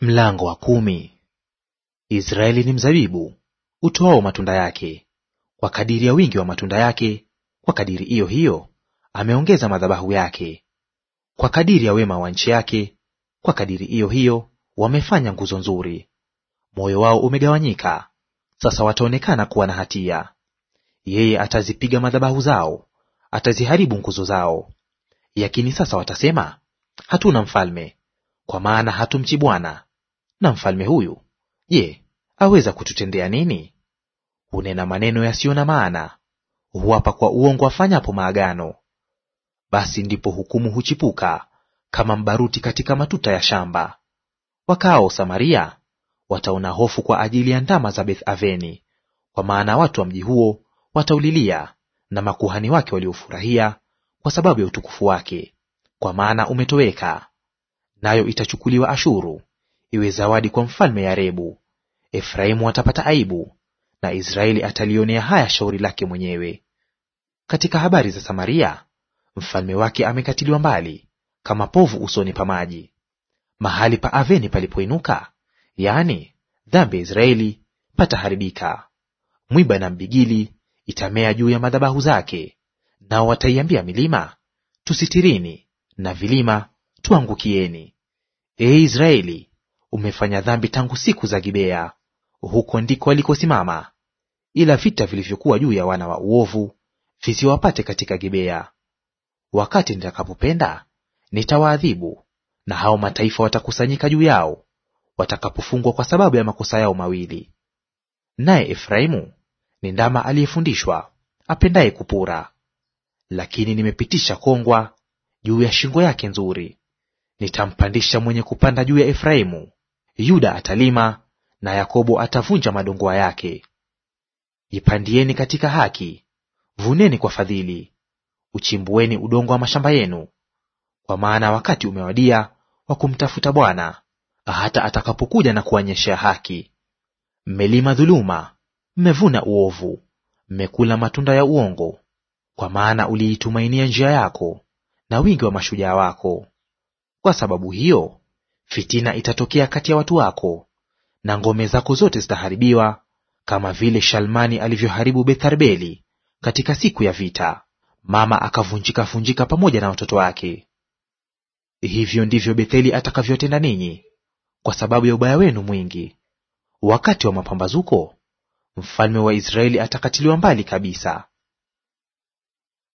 Mlango wa kumi. Israeli ni mzabibu utoao matunda yake, kwa kadiri ya wingi wa matunda yake, kwa kadiri hiyo hiyo ameongeza madhabahu yake. Kwa kadiri ya wema wa nchi yake, kwa kadiri hiyo hiyo wamefanya nguzo nzuri. Moyo wao umegawanyika, sasa wataonekana kuwa na hatia. Yeye atazipiga madhabahu zao, ataziharibu nguzo zao. Yakini sasa watasema, hatuna mfalme, kwa maana hatumchi Bwana na mfalme huyu, je, aweza kututendea nini? Hunena maneno yasiyo na maana, huapa kwa uongo afanyapo maagano. Basi ndipo hukumu huchipuka kama mbaruti katika matuta ya shamba. Wakaao Samaria wataona hofu kwa ajili ya ndama za Beth Aveni, kwa maana watu wa mji huo wataulilia na makuhani wake waliofurahia kwa sababu ya utukufu wake, kwa maana umetoweka. Nayo itachukuliwa Ashuru iwe zawadi kwa mfalme Yarebu. Efraimu atapata aibu, na Israeli atalionea haya shauri lake mwenyewe. Katika habari za Samaria, mfalme wake amekatiliwa mbali kama povu usoni pa maji. Mahali pa aveni palipoinuka, yaani dhambi ya Israeli, pataharibika. Mwiba na mbigili itamea juu ya madhabahu zake, nao wataiambia milima, tusitirini, na vilima, tuangukieni. Ee Israeli, umefanya dhambi tangu siku za Gibea, huko ndiko alikosimama, ila vita vilivyokuwa juu ya wana wa uovu visiwapate katika Gibea. Wakati nitakapopenda nitawaadhibu, na hao mataifa watakusanyika juu yao watakapofungwa kwa sababu ya makosa yao mawili. Naye Efraimu ni ndama aliyefundishwa apendaye kupura, lakini nimepitisha kongwa juu ya shingo yake nzuri. Nitampandisha mwenye kupanda juu ya Efraimu, Yuda atalima na Yakobo atavunja madongoa yake. Ipandieni katika haki, vuneni kwa fadhili, uchimbueni udongo wa mashamba yenu, kwa maana wakati umewadia wa kumtafuta Bwana, hata atakapokuja na kuwanyeshea haki. Mmelima dhuluma, mmevuna uovu, mmekula matunda ya uongo, kwa maana uliitumainia njia yako na wingi wa mashujaa wako. Kwa sababu hiyo Fitina itatokea kati ya watu wako, na ngome zako zote zitaharibiwa, kama vile Shalmani alivyoharibu Betharbeli katika siku ya vita, mama akavunjika funjika pamoja na watoto wake. Hivyo ndivyo Betheli atakavyotenda ninyi kwa sababu ya ubaya wenu mwingi. Wakati wa mapambazuko, mfalme wa Israeli atakatiliwa mbali kabisa.